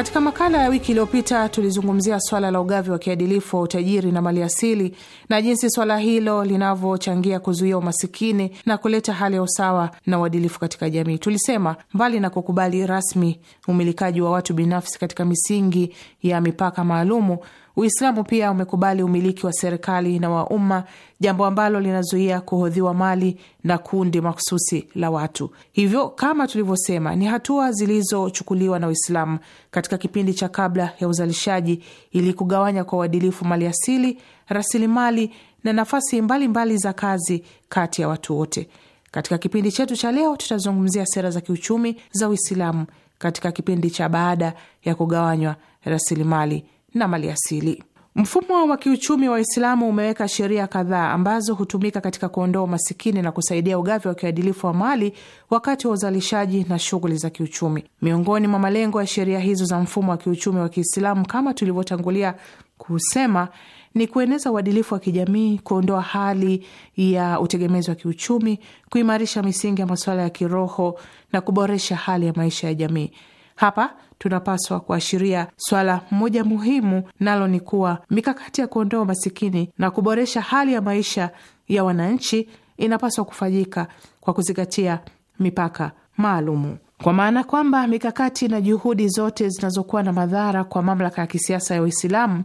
Katika makala ya wiki iliyopita tulizungumzia swala la ugavi wa kiadilifu wa utajiri na maliasili na jinsi swala hilo linavyochangia kuzuia umasikini na kuleta hali ya usawa na uadilifu katika jamii. Tulisema mbali na kukubali rasmi umilikaji wa watu binafsi katika misingi ya mipaka maalumu, Uislamu pia umekubali umiliki wa serikali na wa umma, jambo ambalo linazuia kuhodhiwa mali na kundi mahususi la watu. Hivyo kama tulivyosema, ni hatua zilizochukuliwa na Uislamu katika kipindi cha kabla ya uzalishaji ili kugawanya kwa uadilifu mali asili, rasilimali na nafasi mbalimbali mbali za kazi kati ya watu wote. Katika kipindi chetu cha leo, tutazungumzia sera za kiuchumi za Uislamu katika kipindi cha baada ya kugawanywa rasilimali na maliasili. Mfumo wa kiuchumi wa Waislamu umeweka sheria kadhaa ambazo hutumika katika kuondoa umasikini na kusaidia ugavi wa kiadilifu wa mali wakati wa uzalishaji na shughuli za kiuchumi. Miongoni mwa malengo ya sheria hizo za mfumo wa kiuchumi wa Kiislamu, kama tulivyotangulia kusema, ni kueneza uadilifu wa kijamii, kuondoa hali ya utegemezi wa kiuchumi, kuimarisha misingi ya masuala ya kiroho na kuboresha hali ya maisha ya jamii. Hapa tunapaswa kuashiria swala moja muhimu, nalo ni kuwa mikakati ya kuondoa umasikini na kuboresha hali ya maisha ya wananchi inapaswa kufanyika kwa kuzingatia mipaka maalumu kwa maana kwamba mikakati na juhudi zote zinazokuwa na madhara kwa mamlaka ya kisiasa ya Uislamu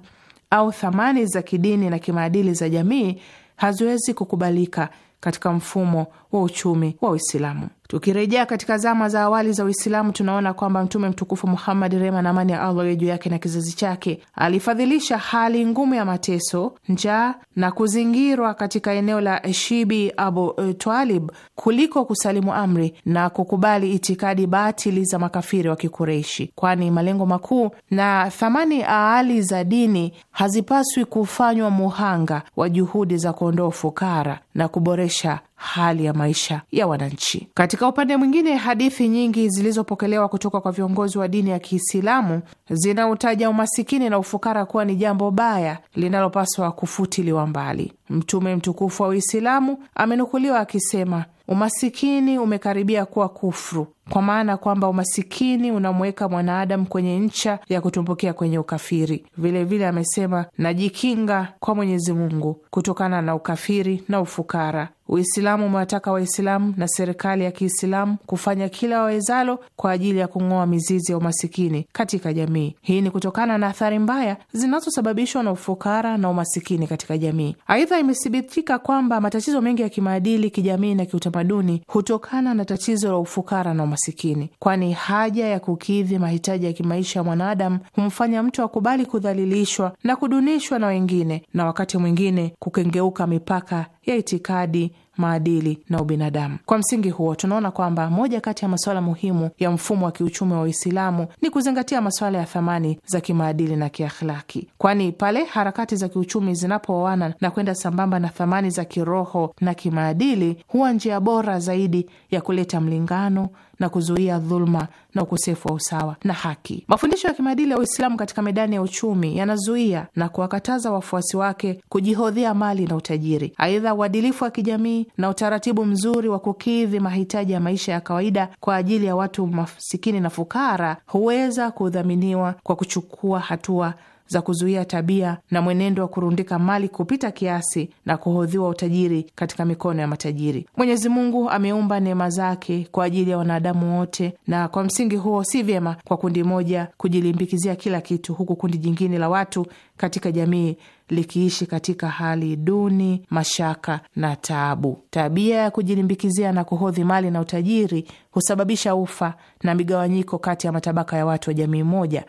au thamani za kidini na kimaadili za jamii haziwezi kukubalika katika mfumo wa uchumi wa Uislamu. Tukirejea katika zama za awali za Uislamu, tunaona kwamba Mtume mtukufu Muhammad, rehma na amani ya Allah iwe juu yake na kizazi chake, alifadhilisha hali ngumu ya mateso, njaa na kuzingirwa katika eneo la Shibi Abu Twalib kuliko kusalimu amri na kukubali itikadi batili za makafiri wa Kikureishi, kwani malengo makuu na thamani aali za dini hazipaswi kufanywa muhanga wa juhudi za kuondoa ufukara na kuboresha hali ya maisha ya wananchi. Katika upande mwingine, hadithi nyingi zilizopokelewa kutoka kwa viongozi wa dini ya Kiislamu zinautaja umasikini na ufukara kuwa ni jambo baya linalopaswa kufutiliwa mbali. Mtume mtukufu wa Uislamu amenukuliwa akisema, umasikini umekaribia kuwa kufru kwa maana kwamba umasikini unamweka mwanaadamu kwenye ncha ya kutumbukia kwenye ukafiri. Vilevile vile amesema, najikinga kwa Mwenyezi Mungu kutokana na ukafiri na ufukara. Uislamu umewataka Waislamu na serikali ya Kiislamu kufanya kila wawezalo kwa ajili ya kung'oa mizizi ya umasikini katika jamii. Hii ni kutokana na athari mbaya zinazosababishwa na ufukara na umasikini katika jamii. Aidha, imethibitika kwamba matatizo mengi ya kimaadili, kijamii na kiutamaduni hutokana na tatizo la ufukara na umasikini masikini, kwani haja ya kukidhi mahitaji ya kimaisha ya mwanadamu humfanya mtu akubali kudhalilishwa na kudunishwa na wengine, na wakati mwingine kukengeuka mipaka ya itikadi maadili na ubinadamu. Kwa msingi huo, tunaona kwamba moja kati ya masuala muhimu ya mfumo wa kiuchumi wa Uislamu ni kuzingatia masuala ya thamani za kimaadili na kiakhlaki, kwani pale harakati za kiuchumi zinapooana na kwenda sambamba na thamani za kiroho na kimaadili, huwa njia bora zaidi ya kuleta mlingano na kuzuia dhuluma na ukosefu wa usawa na haki. Mafundisho ya kimaadili ya Uislamu katika medani ya uchumi yanazuia na kuwakataza wafuasi wake kujihodhia mali na utajiri. Aidha, uadilifu wa kijamii na utaratibu mzuri wa kukidhi mahitaji ya maisha ya kawaida kwa ajili ya watu masikini na fukara huweza kudhaminiwa kwa kuchukua hatua za kuzuia tabia na mwenendo wa kurundika mali kupita kiasi na kuhodhiwa utajiri katika mikono ya matajiri. Mwenyezi Mungu ameumba neema zake kwa ajili ya wanadamu wote, na kwa msingi huo si vyema kwa kundi moja kujilimbikizia kila kitu, huku kundi jingine la watu katika jamii likiishi katika hali duni, mashaka na taabu. Tabia ya kujilimbikizia na kuhodhi mali na utajiri husababisha ufa na migawanyiko kati ya matabaka ya watu wa jamii moja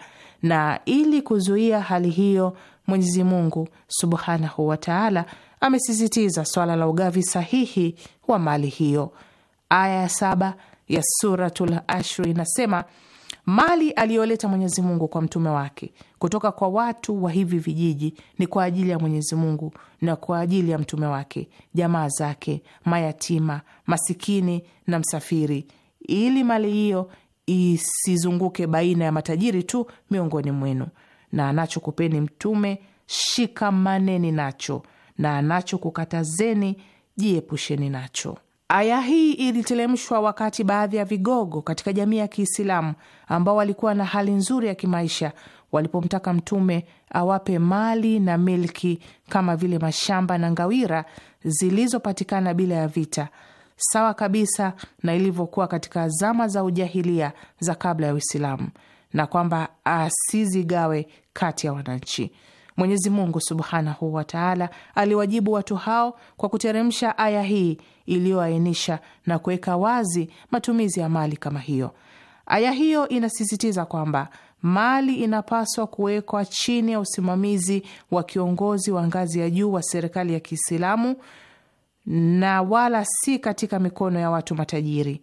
na ili kuzuia hali hiyo, Mwenyezi Mungu subhanahu wataala amesisitiza swala la ugavi sahihi wa mali hiyo. Aya ya saba ya Suratul Ashri inasema mali aliyoleta Mwenyezi Mungu kwa mtume wake kutoka kwa watu wa hivi vijiji ni kwa ajili ya Mwenyezi Mungu na kwa ajili ya mtume wake, jamaa zake, mayatima, masikini na msafiri, ili mali hiyo isizunguke baina ya matajiri tu miongoni mwenu, na anachokupeni Mtume shikamaneni nacho, na anachokukatazeni jiepusheni nacho. Aya hii ilitelemshwa wakati baadhi ya vigogo katika jamii ya Kiislamu ambao walikuwa na hali nzuri ya kimaisha walipomtaka Mtume awape mali na milki kama vile mashamba na ngawira zilizopatikana bila ya vita sawa kabisa na ilivyokuwa katika zama za ujahilia za kabla ya Uislamu, na kwamba asizigawe kati ya wananchi. Mwenyezi Mungu subhanahu wataala aliwajibu watu hao kwa kuteremsha aya hii iliyoainisha na kuweka wazi matumizi ya mali kama hiyo. Aya hiyo inasisitiza kwamba mali inapaswa kuwekwa chini ya usimamizi wa kiongozi wa ngazi ya juu wa serikali ya Kiislamu na wala si katika mikono ya watu matajiri.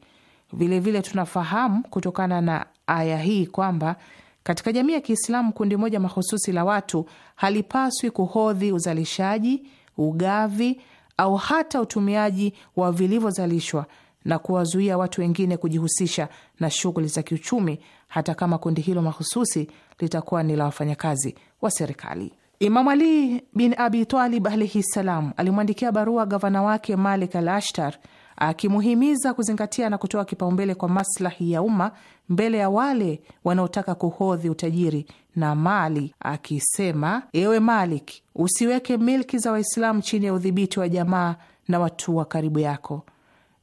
Vilevile vile tunafahamu kutokana na aya hii kwamba katika jamii ya Kiislamu kundi moja mahususi la watu halipaswi kuhodhi uzalishaji, ugavi au hata utumiaji wa vilivyozalishwa na kuwazuia watu wengine kujihusisha na shughuli za kiuchumi, hata kama kundi hilo mahususi litakuwa ni la wafanyakazi wa serikali. Imamu Ali bin Abi Talib alaihi ssalam alimwandikia barua gavana wake Malik al Ashtar akimuhimiza kuzingatia na kutoa kipaumbele kwa maslahi ya umma mbele ya wale wanaotaka kuhodhi utajiri na mali, akisema: ewe Malik, usiweke milki za Waislamu chini ya udhibiti wa jamaa na watu wa karibu yako,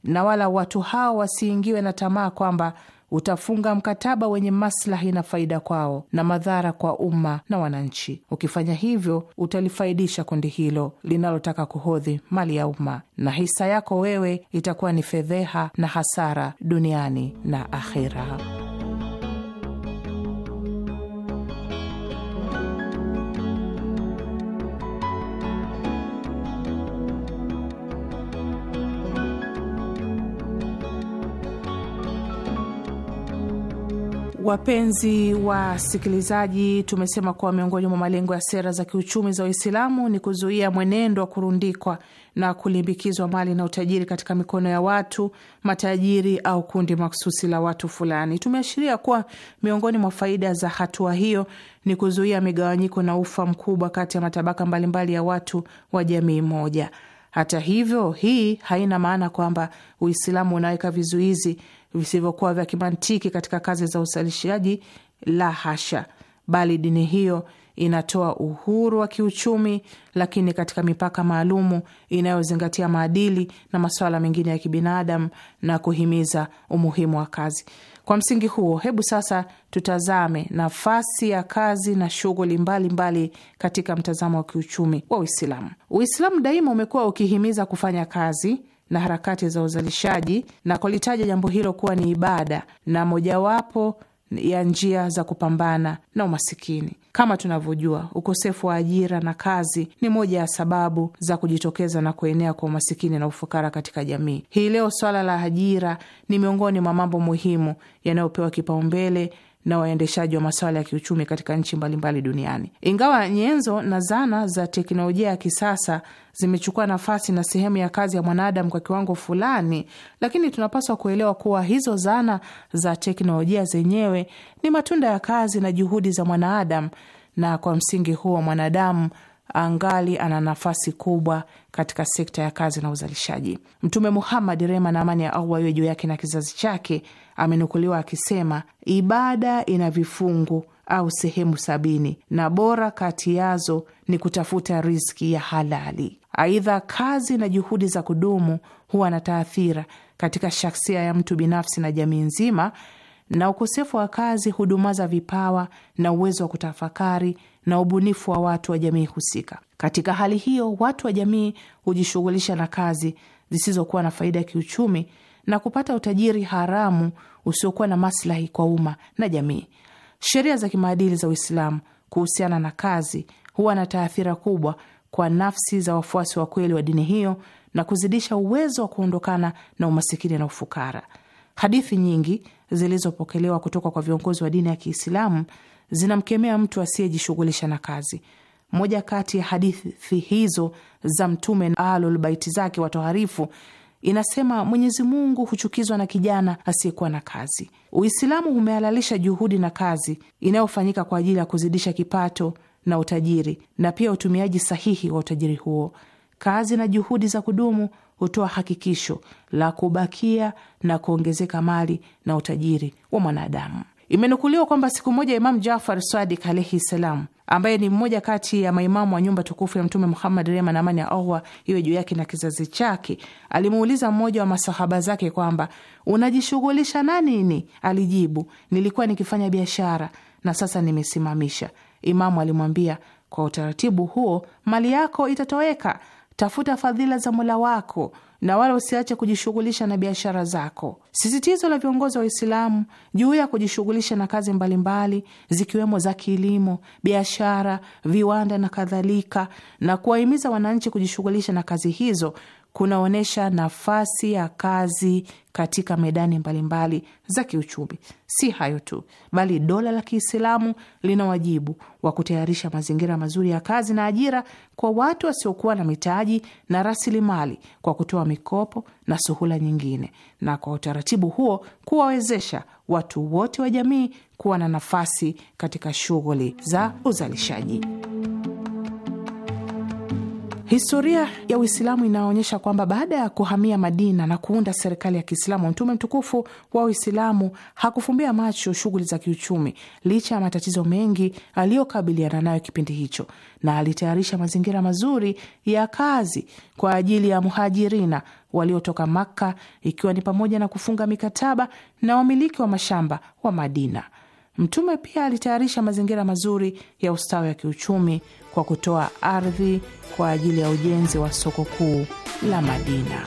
na wala watu hao wasiingiwe na tamaa kwamba utafunga mkataba wenye maslahi na faida kwao na madhara kwa umma na wananchi. Ukifanya hivyo, utalifaidisha kundi hilo linalotaka kuhodhi mali ya umma, na hisa yako wewe itakuwa ni fedheha na hasara duniani na akhira Wapenzi wasikilizaji, tumesema kuwa miongoni mwa malengo ya sera za kiuchumi za Uislamu ni kuzuia mwenendo wa kurundikwa na kulimbikizwa mali na utajiri katika mikono ya watu matajiri au kundi maksusi la watu fulani. Tumeashiria kuwa miongoni mwa faida za hatua hiyo ni kuzuia migawanyiko na ufa mkubwa kati ya matabaka mbalimbali ya watu wa jamii moja. Hata hivyo, hii haina maana kwamba Uislamu unaweka vizuizi visivyokuwa vya kimantiki katika kazi za uzalishaji, la hasha, bali dini hiyo inatoa uhuru wa kiuchumi, lakini katika mipaka maalumu inayozingatia maadili na masuala mengine ya kibinadamu na kuhimiza umuhimu wa kazi. Kwa msingi huo, hebu sasa tutazame nafasi ya kazi na shughuli mbalimbali katika mtazamo wa kiuchumi wa Uislamu. Uislamu daima umekuwa ukihimiza kufanya kazi na harakati za uzalishaji na kulitaja jambo hilo kuwa ni ibada na mojawapo ya njia za kupambana na umasikini. Kama tunavyojua, ukosefu wa ajira na kazi ni moja ya sababu za kujitokeza na kuenea kwa umasikini na ufukara katika jamii hii. Leo swala la ajira ni miongoni mwa mambo muhimu yanayopewa kipaumbele na waendeshaji wa masuala ya kiuchumi katika nchi mbalimbali duniani. Ingawa nyenzo na zana za teknolojia ya kisasa zimechukua nafasi na sehemu ya kazi ya mwanadamu kwa kiwango fulani, lakini tunapaswa kuelewa kuwa hizo zana za teknolojia zenyewe ni matunda ya kazi na juhudi za mwanadamu, na kwa msingi huo mwanadamu angali ana nafasi kubwa katika sekta ya kazi na uzalishaji. Mtume Muhammad, rehma na amani ya Allah iwe juu yake na kizazi chake, amenukuliwa akisema, ibada ina vifungu au sehemu sabini na bora kati yazo ni kutafuta riziki ya halali. Aidha, kazi na juhudi za kudumu huwa na taathira katika shaksia ya mtu binafsi na jamii nzima, na ukosefu wa kazi hudumaza vipawa na uwezo wa kutafakari na ubunifu wa watu wa jamii husika. Katika hali hiyo, watu wa jamii hujishughulisha na kazi zisizokuwa na faida ya kiuchumi na kupata utajiri haramu usiokuwa na maslahi kwa umma na jamii. Sheria za kimaadili za Uislamu kuhusiana na kazi huwa na taathira kubwa kwa nafsi za wafuasi wa kweli wa dini hiyo na kuzidisha uwezo wa kuondokana na umasikini na ufukara. Hadithi nyingi zilizopokelewa kutoka kwa viongozi wa dini ya Kiislamu zinamkemea mtu asiyejishughulisha na kazi. Moja kati ya hadithi hizo za Mtume na Ahlulbaiti zake watoharifu inasema Mwenyezi Mungu huchukizwa na kijana asiyekuwa na kazi. Uislamu umehalalisha juhudi na kazi inayofanyika kwa ajili ya kuzidisha kipato na utajiri na pia utumiaji sahihi wa utajiri huo. Kazi na juhudi za kudumu hutoa hakikisho la kubakia na kuongezeka mali na utajiri wa mwanadamu. Imenukuliwa kwamba siku moja Imamu Jafar Swadik alaihi ssalam, ambaye ni mmoja kati ya maimamu wa nyumba tukufu ya Mtume Muhammad, rehma na amani ya Allah iwe juu yake na kizazi chake, alimuuliza mmoja wa masahaba zake kwamba unajishughulisha na nini? Alijibu, nilikuwa nikifanya biashara na sasa nimesimamisha. Imamu alimwambia, kwa utaratibu huo mali yako itatoweka tafuta fadhila za Mola wako na wala usiache kujishughulisha na biashara zako. Sisitizo la viongozi wa Waislamu juu ya kujishughulisha na kazi mbalimbali zikiwemo za kilimo, biashara, viwanda na kadhalika, na kuwahimiza wananchi kujishughulisha na kazi hizo kunaonyesha nafasi ya kazi katika medani mbalimbali za kiuchumi. Si hayo tu, bali dola la Kiislamu lina wajibu wa kutayarisha mazingira mazuri ya kazi na ajira kwa watu wasiokuwa na mitaji na rasilimali kwa kutoa mikopo na suhula nyingine, na kwa utaratibu huo kuwawezesha watu wote wa jamii kuwa na nafasi katika shughuli za uzalishaji. Historia ya Uislamu inaonyesha kwamba baada ya kuhamia Madina na kuunda serikali ya Kiislamu, mtume mtukufu wa Uislamu hakufumbia macho shughuli za kiuchumi licha ya matatizo mengi aliyokabiliana nayo kipindi hicho, na alitayarisha mazingira mazuri ya kazi kwa ajili ya muhajirina waliotoka Makka, ikiwa ni pamoja na kufunga mikataba na wamiliki wa mashamba wa Madina. Mtume pia alitayarisha mazingira mazuri ya ustawi wa kiuchumi kwa kutoa ardhi kwa ajili ya ujenzi wa soko kuu la Madina.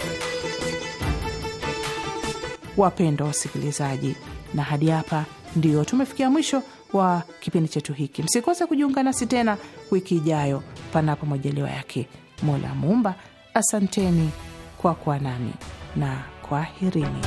Wapendwa wasikilizaji, na hadi hapa ndio tumefikia mwisho wa kipindi chetu hiki. Msikose kujiunga nasi tena wiki ijayo, panapo majaliwa yake Mola Muumba. Asanteni kwa kuwa nami na kwaherini.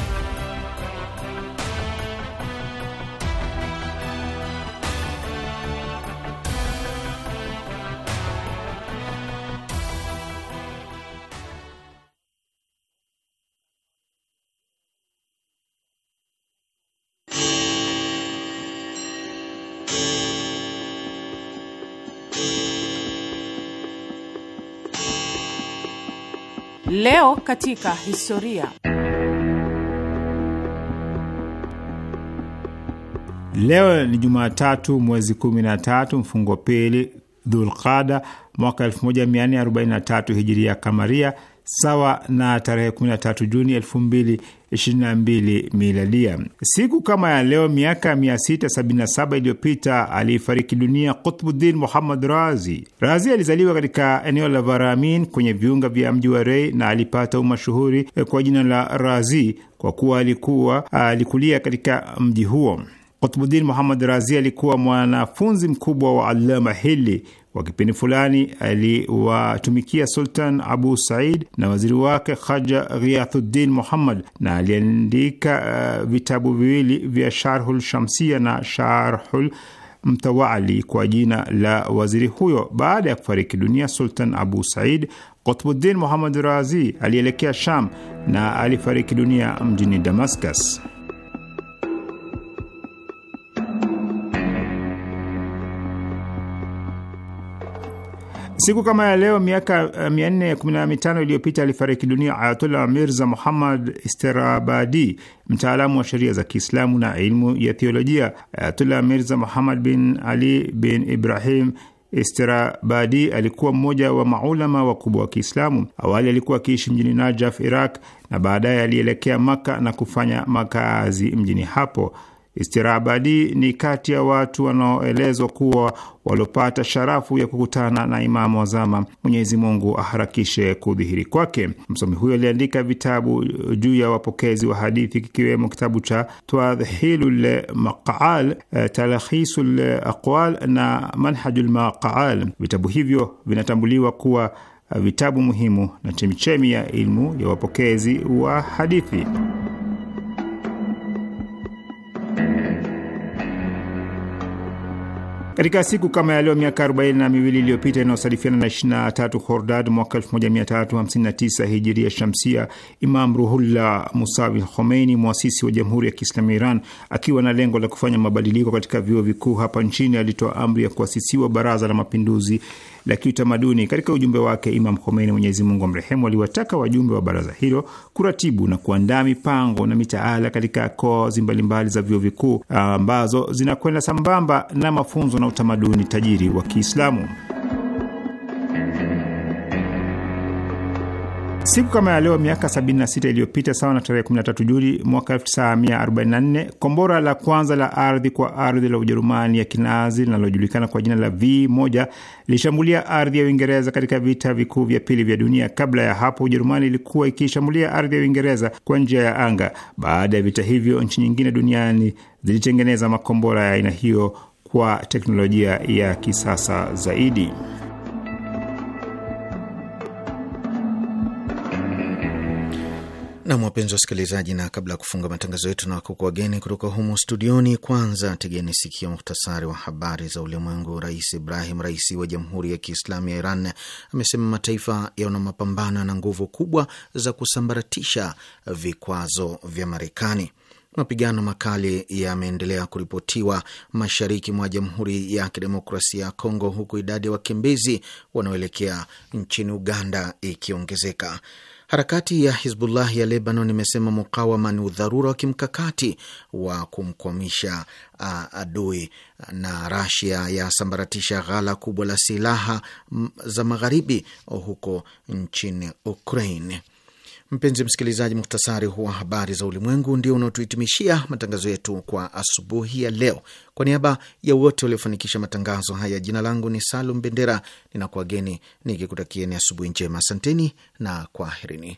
Leo katika historia. Leo ni Jumatatu, mwezi 13 mfungo pili Dhulqada mwaka 1443 hijiria kamaria sawa na tarehe 13 Juni 2022 miladia. Siku kama ya leo miaka 677 iliyopita alifariki dunia Qutbuddin Muhammad Razi. Razi alizaliwa katika eneo la Varamin kwenye viunga vya mji wa Rei na alipata umashuhuri kwa jina la Razi kwa kuwa alikuwa alikulia katika mji huo. Qutbuddin Muhammad Razi alikuwa mwanafunzi mkubwa wa Allama Hili. Kwa kipindi fulani aliwatumikia Sultan Abu Said na waziri wake khaja Ghiathuddin Muhammad, na aliandika uh, vitabu viwili vya Sharhul Shamsia na Sharhul Mtawali kwa jina la waziri huyo. Baada ya kufariki dunia Sultan Abu Said, Qutbuddin Muhammad Razi alielekea Sham na alifariki dunia mjini Damascus. Siku kama ya leo miaka 415 eh, iliyopita alifariki dunia Ayatullah Mirza Muhammad Isterabadi, mtaalamu wa sheria za Kiislamu na ilmu ya theolojia. Ayatullah Mirza Muhammad bin Ali bin Ibrahim Isterabadi alikuwa mmoja wa maulama wakubwa wa Kiislamu. Awali alikuwa akiishi mjini Najaf, Iraq, na baadaye alielekea makka na kufanya makazi mjini hapo istirabadi ni kati ya watu wanaoelezwa kuwa waliopata sharafu ya kukutana na imamu wazama, Mwenyezi Mungu aharakishe kudhihiri kwake. Msomi huyo aliandika vitabu juu ya wapokezi wa hadithi kikiwemo kitabu cha Twadhhilul Maqaal, eh, Talkhisul Aqwal na Manhaju Maqaal. Vitabu hivyo vinatambuliwa kuwa eh, vitabu muhimu na chemichemi ya ilmu ya wapokezi wa hadithi. Katika siku kama ya leo miaka arobaini na miwili iliyopita inayosadifiana na 23 Hordad mwaka 1359 hijiria shamsia, Imam Ruhullah Musawi Khomeini, mwasisi wa Jamhuri ya Kiislamu Iran, akiwa na lengo la kufanya mabadiliko katika vyuo vikuu hapa nchini, alitoa amri ya kuasisiwa Baraza la Mapinduzi la kiutamaduni. Katika ujumbe wake, Imam Khomeini, Mwenyezi Mungu amrehemu, aliwataka wajumbe wa baraza hilo kuratibu na kuandaa mipango na mitaala katika kozi mbalimbali za vyuo vikuu ambazo zinakwenda sambamba na mafunzo na utamaduni tajiri wa Kiislamu. Siku kama ya leo miaka 76 iliyopita, sawa na tarehe 13 Juli mwaka 1944, kombora la kwanza la ardhi kwa ardhi la Ujerumani ya Kinazi linalojulikana kwa jina la V1 lilishambulia ardhi ya Uingereza katika vita vikuu vya pili vya dunia. Kabla ya hapo, Ujerumani ilikuwa ikishambulia ardhi ya Uingereza kwa njia ya anga. Baada ya vita hivyo, nchi nyingine duniani zilitengeneza makombora ya aina hiyo kwa teknolojia ya kisasa zaidi. Nam, wapenzi wasikilizaji, na kabla ya kufunga matangazo yetu na wakuku wageni kutoka humo studioni, kwanza tegeni sikio muhtasari wa habari za ulimwengu. Rais Ibrahim Raisi wa Jamhuri ya Kiislamu ya Iran amesema mataifa yana mapambano na nguvu kubwa za kusambaratisha vikwazo vya Marekani. Mapigano makali yameendelea kuripotiwa mashariki mwa Jamhuri ya Kidemokrasia ya Kongo, huku idadi ya wakimbizi wanaoelekea nchini Uganda ikiongezeka. Harakati ya Hizbullah ya Lebanon imesema mukawama ni udharura wa kimkakati wa kumkwamisha uh, adui, na Rasia yasambaratisha ghala kubwa la silaha za magharibi huko nchini Ukraine. Mpenzi msikilizaji, muktasari huwa habari za ulimwengu ndio unaotuhitimishia matangazo yetu kwa asubuhi ya leo. Kwa niaba ya wote waliofanikisha matangazo haya, jina langu ni Salum Bendera, ninakuwageni nikikutakieni asubuhi njema. Asanteni na kwaherini